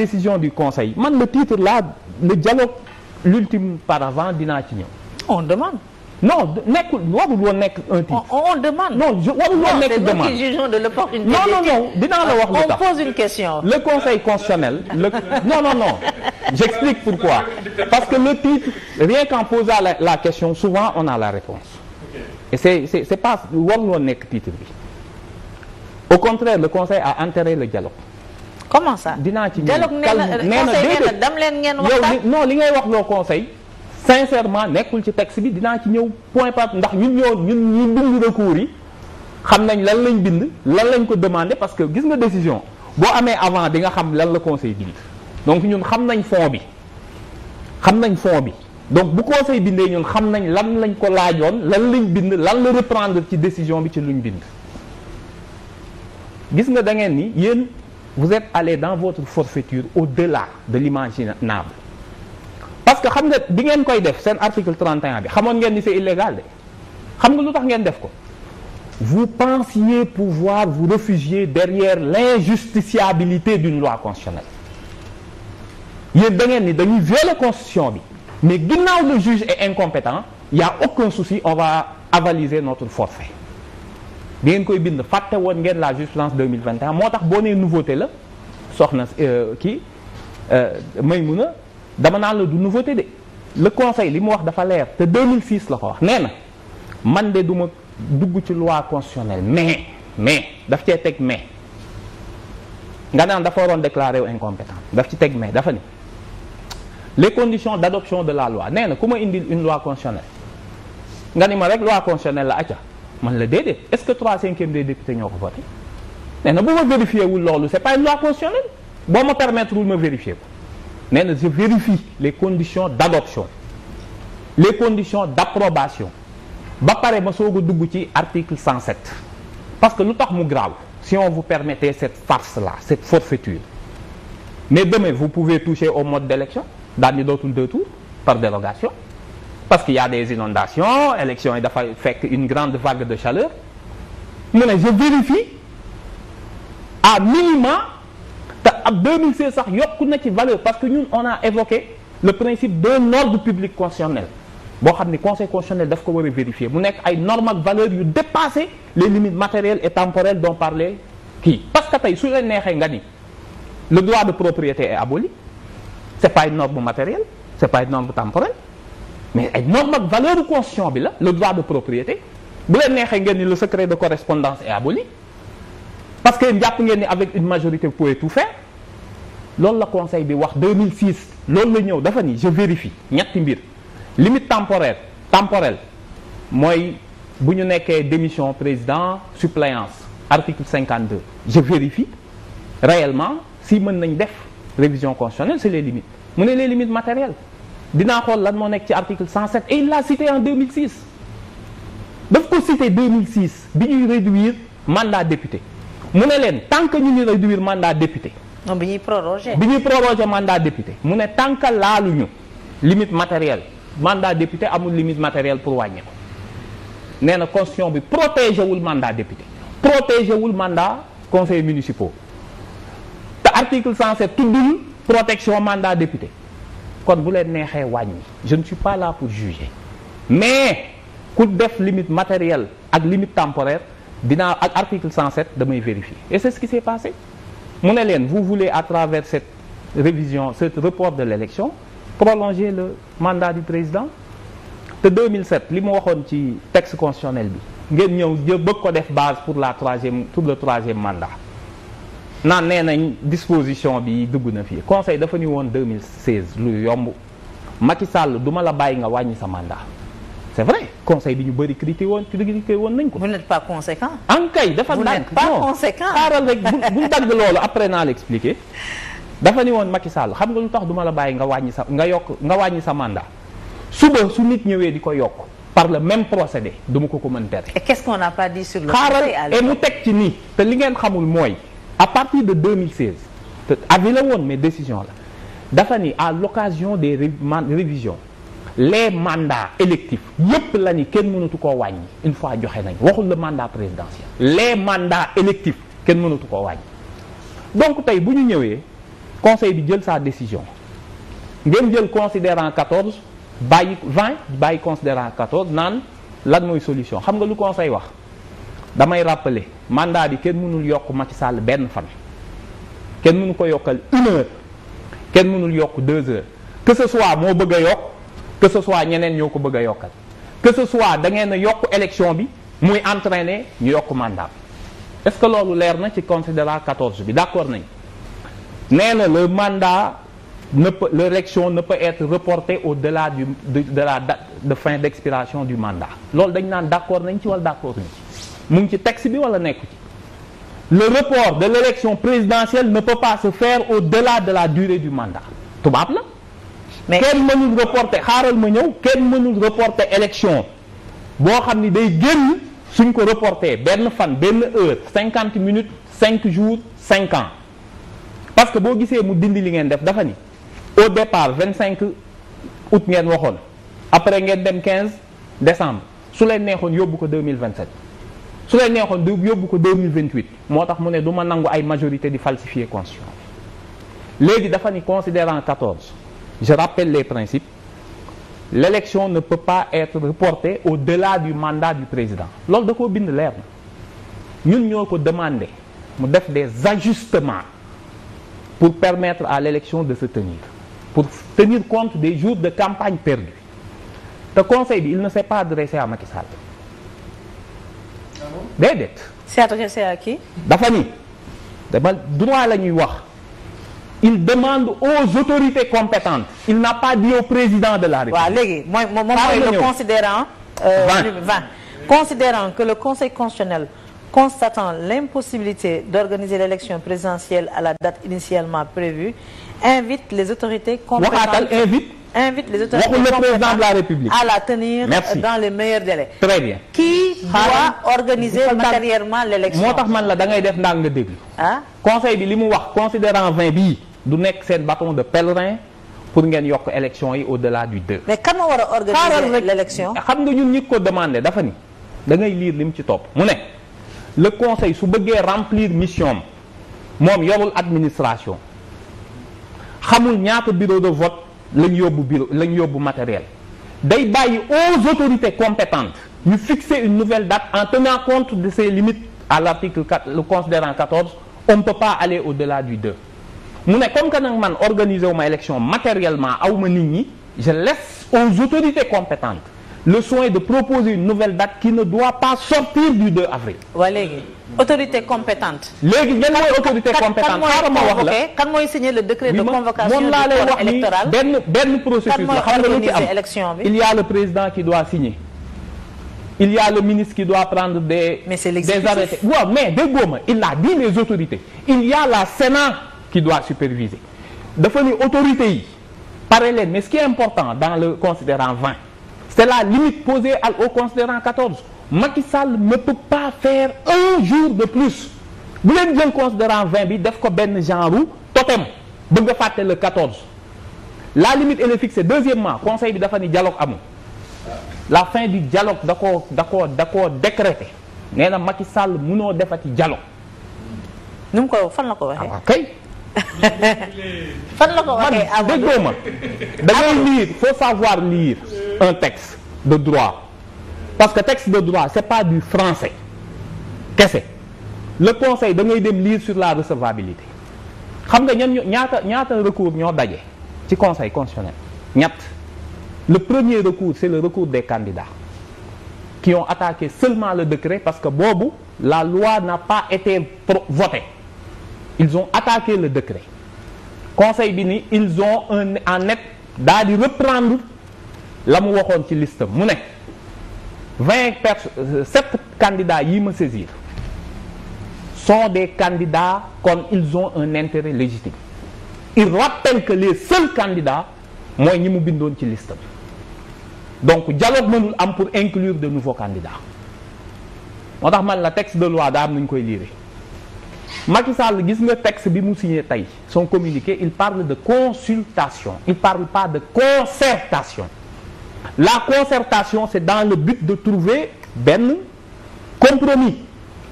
décision du conseil man le titre là le dialogue l'ultime paravent dinaa ci ñëw. on demande. non nekkul warul woon nekk un titre. on demande. non je warul woon nekk demande non c'est nous qui jugeons de l'opportunité. non non non dinaa la wax lu tax on pose une question. le conseil constitutionnel le non non non j'explique pourquoi parce que le titre rien qu'en posant la, la question souvent on a la réponse. et c'est c'est c'est pas warul woon nekk titre bi au contraire le conseil a enterré le dialogue. comment dinaa ci ñëw calme nee na déedéet dam leen ngeen waxtaan yow non li ngay wax loo conseil sincèrement nekkul ci texte bi dinaa ci ñëw point part ndax ñun ñoo ñun ñu bind recours yi xam nañ lan lañ bind lan lañ ko demandé parce que gis nga décision boo amee avant di nga xam lan la conseil bind donc ñun xam nañ fond bi xam nañ fond bi donc bu conseil bindee ñun xam nañ lan lañ ko laajoon lan lañ bind lan la reprendre ci décision bi ci luñ bind gis nga da ngeen ni yéen vous êtes allé dans votre forfaiture au-delà de l'imaginable parce que xam nga bi ngeen koy def seen article 31 bi xamoon ngeen ni c'est illégal de xam nga lu tax ngeen def ko vous pensiez pouvoir vous réfugier derrière l'injusticiabilité d'une loi constitutionnelle yéen da ngeen ni dañuy violer constitution bi mais ginnaaw le juge est incompétent il y a aucun souci on va avaliser notre forfait di ngeen koy bind fàtte woon ngeen la jurisprudence 2021 moo tax boo nee nouveauté la soxna euh, kii euh, Maymuna dama naan la du nouveauté de le conseil li mu wax dafa leer te 2006 la ko wax nee na man de duma dugg ci loi constitutionnelle mais mais daf cee teg mais nga naan dafa waroon déclaré wu incompétent daf ci teg mais dafa ni les conditions d' adoption de la loi nee na ku ma indi une loi constitutionnelle nga ni ma rek loi constitutionnelle la acca man la déedéet est-ce que trois cinquième des députés ñoo ko voté nee na bu ma vérifié wul loolu c'est pas une loi constitutionnelle boo ma permettre wul ma vérifié ko nee na je vérifie les conditions d'adoption les conditions d'approbation ba pare ma soog a dugg ci article 107 parce que lu tax mu grave si on vous permettait cette farce là cette forfaiture mais demain vous pouvez toucher au mode d'élection daal di dootul deux tours par dérogation parce qu'il y des inondations élection yi dafa fekk une grande vague de chaleur mu ne je vérifie à minima te ab 2016 sax yokku na ci valeur parce que ñun on a évoqué le principe d'un ordre public constitutionnel boo xam ni conseil constitutionnel daf ko war a vérifier mu nekk ay normes ak valeurs yu dépasser les limites matériels et temporelles dont parlait kii parce que tey su la neexee nga ni le droit de propriété est aboli c'est pas une norme matériel c'est pas une norme temporelle mais ay norme ak valeur constitution bi la le droit de propriété bu leen neexee ngeen ni le secret de correspondance est aboli parce que jàpp ngeen ni avec une majorité pou pouvez tout faire loolu la conseil bi wax deux 2006 loolu la ñëw dafa ni je vérifie ñetti mbir limite temporaire temporelle mooy bu ñu nekkee démission président suppléance article 52 je vérifie réellement si mën nañ def révision constitutionnelle c'est les limites mu ne les limites matérielles dinaa xool lan moo nekk ci article 107 et il l'a cité en 2006 daf ko cité 2006 bi ñuy réduire mandat député mu ne leen tant que ñu ngi réduire mandat député. non bi ñuy proroger. bi ñuy proroger mandat député mu ne tant que laaluñu limite matérielle mandat député amul limite matériel pour wàññi ko nee na constitution bi protégé wul mandat député protégé wul mandat conseil municipal te article 107 tuddul protection mandat député. kon bu leen neexee wàññi je ne suis pas la pour juger mais ku def limite matérielle ak limite temporaire dinaa ak article 107 damay vérifier et c'est ce qui s'est passé mu ne leen vous voulez à travers cette révision ce report de l'élection prolonger le mandat du président te 2007 li mu waxoon ci texte constitutionnel bi ngeen ñëw jë bëgg ko def base pour la troisième pour le troisième mandat naan nee nañ disposition bi dugg na fii conseil dafa ni woon 2016 lu yomb Macky Sall du la bàyyi nga wàññi sa mandat c'est vrai conseil bi ñu bëri critiqué woon critiqué woon nañ ko. vous n'êtes pas conséquent. en kay dafa daan pas xaaral rek bu dagg loolu après naa la expliquer dafa ni woon Macky Sall xam nga lu tax du la bàyyi nga wàññi sa nga yokk nga wàññi sa mandat suba su nit ñëwee di ko yokk par le même procédé du ma ko ko mën tere. et qu'est-ce qu'on xaaral et mu teg ci nii te li ngeen xamul mooy. à partir de 2016 te avis la woon mais décision la dafa ni à l'occasion des révisions les mandats électifs yépp la kenn mënatu ko wàññi une fois joxe nañ waxul le mandat présidentiel les mandats électif kenn mënatu ko wàññi donc tey bu ñu ñëwee conseil bi jël saa décision ngeen jël considérant 14 bàyyi 20 bàyyi considérant 14 naan lan mooy solution xam nga lu conseil wax damay rappeler mandat bi kenn mënul yokk Macky Sall benn fan kenn mënu ko yokkal une kenn mënul yokk deux heures que ce soit moo bëgg a yokk que ce soit ñeneen ñoo ko bëgg a yokkal que ce soit da ngeen yokk élection bi muy entraîner ñu yokk mandat bi est ce que loolu leer na ci considérant 14 bi d' nañ nee na le mandat ne peut l' élection ne peut être au delà du de, de la de fin d' expiration du mandat loolu dañ naan d' accord nañ ci wala d' accord nañ mu ngi ci texte bi wala nekku ci le report de l'élection présidentielle ne peut pas se fair au-delà de la durée du mandat tubaab la mais kenn mënul reporter xaaral ma ñëw kenn mënul reporter élection boo xam ni day génn suñ ko reporter benn fan benn heure cinquante minutes cinq jours cinquant ans parce que boo gisee mu dindi li ngeen def dafa ni au départ vingt cinq août ngeen waxoon après ngeen dem quinze décembre su leen neexoon yóbbu ko deux mille vingt sept su leen neexoon du yóbbu ko 2028 moo tax mu ne du ma nangu ay majorité di falsifier constitution léegi dafa ni considérant 14 je rappelle les principes l'élection ne peut pas être reportée au-delà du mandat du président loolu da koo bind leer na ñun ñoo ko demandé mu def des ajustements pour permettre à l'élection de se tenir pour tenir compte des jours de campagne perdus te conseil bi il ne s'est pas adressé à Macky déedéet. c'est adressé à qui. dafa ni dama la ñuy wax il demande aux autorités compétentes il n'a pas dit au président de la République. waaw léegi mooy moom mooy le considérant. Euh, 20 20 considérant que le Conseil constitutionnel. constatant l'impossibilité d'organiser l'élection présidentielle à la date initialement prévue, invite les autorités compétentes. Waxaatal invite invite les la République à la tenir Merci. dans les meilleurs délais. très bien moo tax man la da ngay def ndànk nga déglu. ah conseil bi li mu wax considérant 20 bii du nekk seen bâton de pèlerin pour ngeen yokk élection yi au-delà du 2. mais kan ma war a organiser l'élection xam nga ñun ñi ko demandé dafa ni da ngay lire li mu ci topp mu ne le conseil su bëggee remplir mission moom yorul administration xamul ñaata bureau de vote. lañ yóbbu bureau lañ yóbbu matériel day bàyyi aux autorités compétentes ñu fixer une nouvelle date en tenant compte de ses limites à l'article 4 le considérant 14 on ne peut pas aller au-delà du 2 mu ne comme que nag man organiser wu ma élection matériellement aw ma nit ñi je laisse aux autorités compétentes le soin de proposer une nouvelle date qui ne doit pas sortir du 2 avril. léegi autorité compétente. léegi mooy autorité compétente xaaral ma wax le décret de convocation du corps électoral moom laa lay la xam nga lu ci am il y a le président qui doit signer. il y a le ministre qui doit prendre des. mais c'est l'exécutif mais déggoo ma il a dit les autorités il y a la Sénat qui doit superviser dafa ni autorités yi pare leen mais ce qui est important dans le considérant 20. c'est la limite posée au considérant 14 Macky Sall ne peut pas faire jour de plus bu leen jël considérant vin bi def ko benn genre totem bëgg nga fàtte le 14 la limite elle est fixée deuxièmement conseil bi dafa ni dialogue amul la fin du dialogue da koo da koo da koo décrété nee na Macky Sall mënoo defati dialogue. ni mu ko fan la ko waxee. ah kay. fan la ko waxee. man déggoo ma da ngay lire faut savoir lire. un texte de droit parce que texte de droit c'est pas du français kese le conseil da ngay dem lire sur la recevabilité xam nga ñan ñaata ñaata recours ñoo daje ci conseil constitutionnel ñett le premier recours c'est le recours des candidats qui ont attaqué seulement le décret parce que boobu la loi n'a pas été votée ils ont attaqué le décret conseil bi ni ils ont en net daal di reprendre la mu waxoon ci listam mu ne vingt personnes euh, sept candidats yi ma saisir sont des candidats kon ils ont un intérêt légitime il rappelle que les seuls candidats mooy ñi mu bindoon ci listam donc dialogue mënul am pour inclure de nouveaux candidats moo tax man la texte de loi daa am nañu koy liire Macky Sall gis nga texte bi mu signé tey son communiqué il parle de consultation il parle pas de concertation la concertation c'est dans le but de trouver benn compromis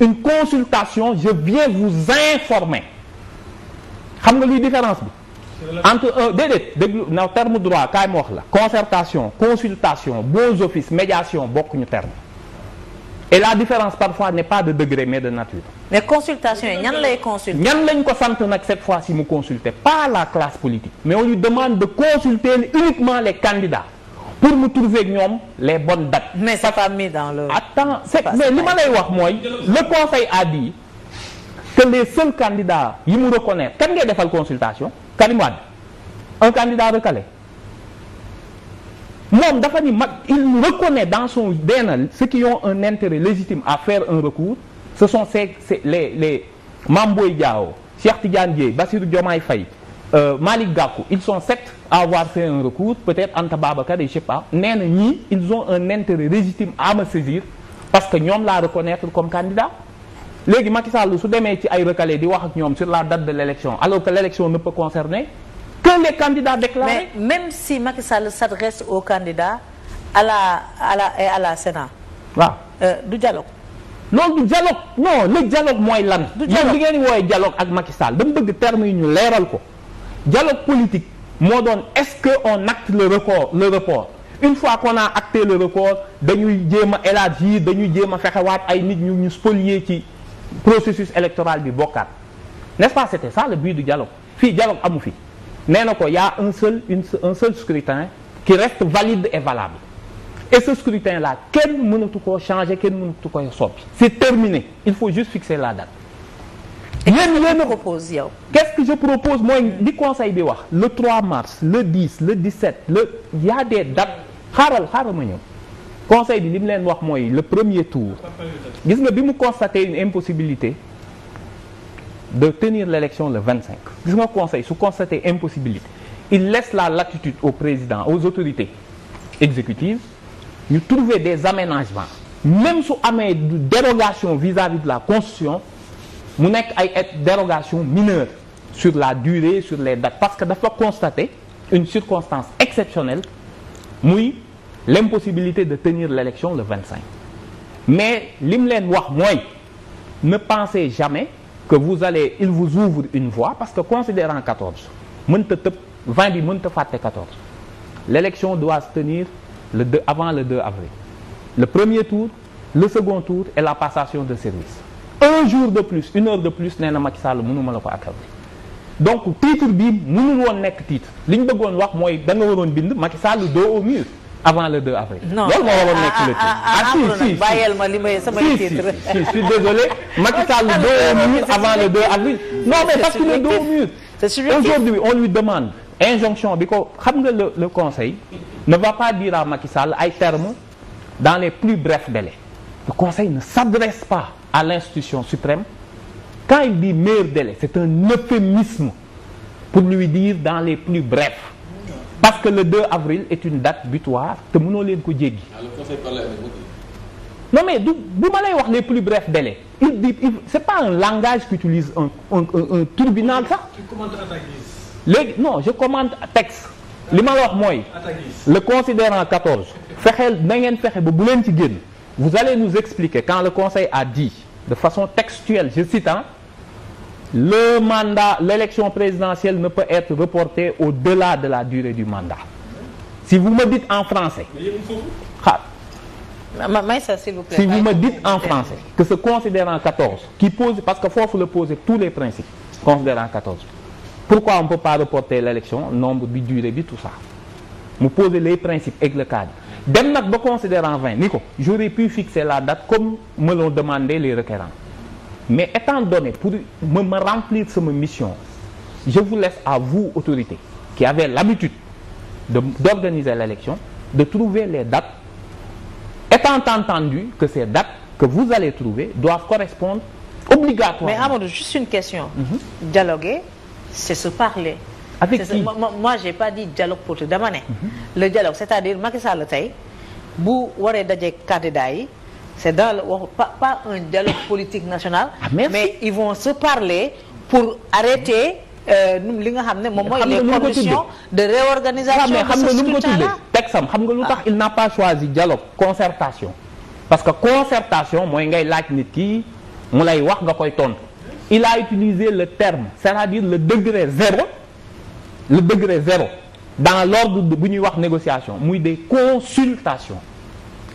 une consultation je viens vous informer xam nga luy différence entre un euh, déedéet déglu na terme droit kaay ma wax la concertation consultation bons offices médiation bokkuñu terme et la différence parfois n'est pas de degré mais de nature mais consultation yi ñan lay consulter ñan lañ ko sant nag cette fois-ci mu consulter la classe politique mais on demande de les candidats pour mu trouver ak ñoom les bonnes dates. mais ça t'a mis dans le. attends c'est mais li ma lay wax mooy. le conseil a dit que les seuls candidats yi mu reconnaître kan ngay defal consultation Karim Wade un candidat recalé moom dafa ni mag il reconnaît dans son benn ceux qui ont un intérêt légitime à faire un recours ce sont ces les les Mame Boye Diao Cheikh Tidiane Dièye Bassirou Diomaye fay euh, Malick Gakou ils sont à avoir fait un recours peut-être Anta Babacar et je sais nee na ñii ils ont un intérêt légitime à me saisir parce que ñoom laa reconnaître comme candidat léegi Macky Sall su demee ci ay recalés di wax ak ñoom sur la date de l'élection alors que l'élection ne peut concerner que les candidats mais même si Macky Sall s'adresse aux candidats à la à la et à la Sénat. waaw ah. euh, du dialogue. loolu du dialogue non le dialogue mooy lan. du dialogue ngeen di woowee dialogue ak Macky Sall dama bëgg terme yi ñu leeral ko. dialogue politique moo doon est-ce que on acte le record le report une fois qu'on a acté le record dañuy jéem a élargir dañuy jéem a fexewaat ay nit ñu ñu spolier ci processus électoral bi bokkaat n'est-ce pas c'était ça le but du dialogue fii dialogue amu fi nee na ko y'a un seul une un seul scrutin qui reste valide et valable et ce scrutin là kenn mënatu koo changer kenn mënatu koy soppi c'est terminé il faut juste fixer la date yéen yéen a propose yow. que je propose mooy li conseil bi wax le 3 mars le 10 le 17 le y a des dates xaaral xaaral ma conseil bi li mu leen wax mooy le premier tour gis nga bi mu constaté une impossibilité de tenir l'élection le vingt 25 gis nga conseil su constaté impossibilité il laisse la latitude au président aux autorités exécutives ñu trouver des aménagements même su amee dérogation vis-à-vis de la constitution mu nekk ay dérogation mineure sur la durée sur les dates parce que dafa constater une circonstance exceptionnelle muy l'impossibilité de tenir l'élection le 25 mais li mu leen wax mooy ne pensez jamais que vous allez il vous ouvre une voie parce que considérant 14 mënta tëb 20 bi mënta fàtte 14 l'élection doit se tenir le 2 avant le 2 avril le premier tour le second tour et la passation de service un jour de plus une heure de plus nee na Macky Sall mënuma la ko àttal donc titre bii mënul woon nekk titre li ñu bëggoon wax mooy da nga waroon bind Macky Sall dos au mur avant le 2 avril. non loolu moo waroon nekk titre. si si si ma li may samay titre si si si désolé Macky avril. non mais parce que le dos au on lui demande injonction bi ko xam nga le le conseil ne va pas dire à Macky Sall ay termes dans les plus brefs délais le conseil ne s'adresse pas. à l'institution suprême. Quand il dit meilleur délai, c'est un euphémisme pour lui dire dans les plus brefs. Parce que le 2 avril est une date butoir te mënoo leen ko jéggi. Ah, non mais du bu ma lay wax les plus brefs délais il dit c'est pas un langage qu'utilise un un un, un non je commande texte. li ma la wax mooy. le considérant 14. fexeel na ngeen fexe ba bu leen ci génn. vous allez nous expliquer quand le conseil a dit de façon textuelle je cite hein, le mandat l'élection présidentielle ne peut être reportée au-delà de la durée du mandat si vous me dites en français ah, s'il vous plaît si vous me dites en français que ce considérant 14 qui pose parce que foofu le poser tous les principes considérant 14 pourquoi on ne peut pas reporter l'élection nombre bi durée bi tout ça mu poser les principes avec le cadre dem nag ba considérant 20 ni ko j'aurais pu fixer la date comme me l'ont demandé les requérants mais étant donné pour me ma remplir sama mission je vous laisse à vous autorités qui avez l'habitude de d'organiser l'élection de trouver les dates étant entendu que ces dates que vous allez trouver doivent correspondre obligatoirement mais Amadou juste une question mm -hmm. dialoguer c'est se parler avec qui moi, moi j'ai pas dit dialogue pour tout dama ne. Mhm. le dialogue c'est-à-dire Macky Sall tey bu waree daje candidat yi c'est dans le wax pas, pas un dialogue politique national. Ah, mais il vont se parler pour arrêter. Euh, li nga xam ne moom mooy les conditions de réorganisation de ce scrutin-là xam nga nu ko tuddee texam xam nga lu tax ah. il n'a pas choisi dialogue concertation parce que concertation mooy ngay laaj nit ki mu lay wax nga koy tontu il a utilisé le terme c'est-à-dire le degré zéro le degré zéro dans l'ordre bu ñuy wax négociation muy des consultations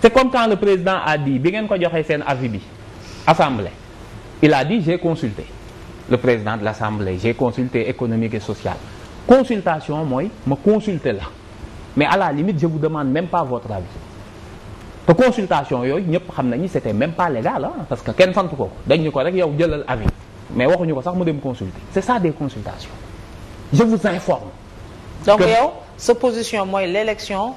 c'est comme quand le président a dit bi ngeen ko joxee seen avis bi assemblée il a dit j'ai consulté le président de l'assemblée j'ai consulté économique et social consultation mooy ma consulter la mais à la limite je vous demande même pa votre avis te consultation yooyu ñëpp xam nañu c'était même pas légal ah parce que kenn sant ko dañ ñu ko rek yow jëlal avis mais waxuñu ko sax mu dem consulter c'est ça des consultations je vous informe. donc que... yow sa position mooy l'élection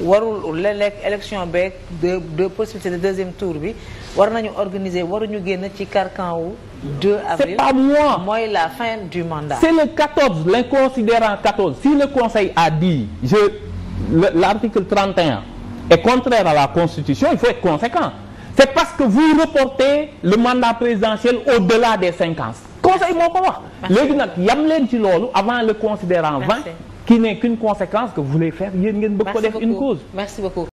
warul l'élection beeg de de possibilité de deuxième tour bi war nañu organiser waruñu génn ci carcan wu 2 avril c'est pas moi mooy la fin du mandat. c'est le 14 l'inconsidérant 14 si le conseil a dit je l'article 31 est contraire à la constitution il faut être conséquent c'est parce que vous reportez le mandat présidentiel au-delà des cinq conseil moo ko wax léegi nag yam leen ci loolu avant le considérant vain qui n'est qu'une conséquence que vous voulez faire yéen ngeen bëgg ko def une cause merci beaucoup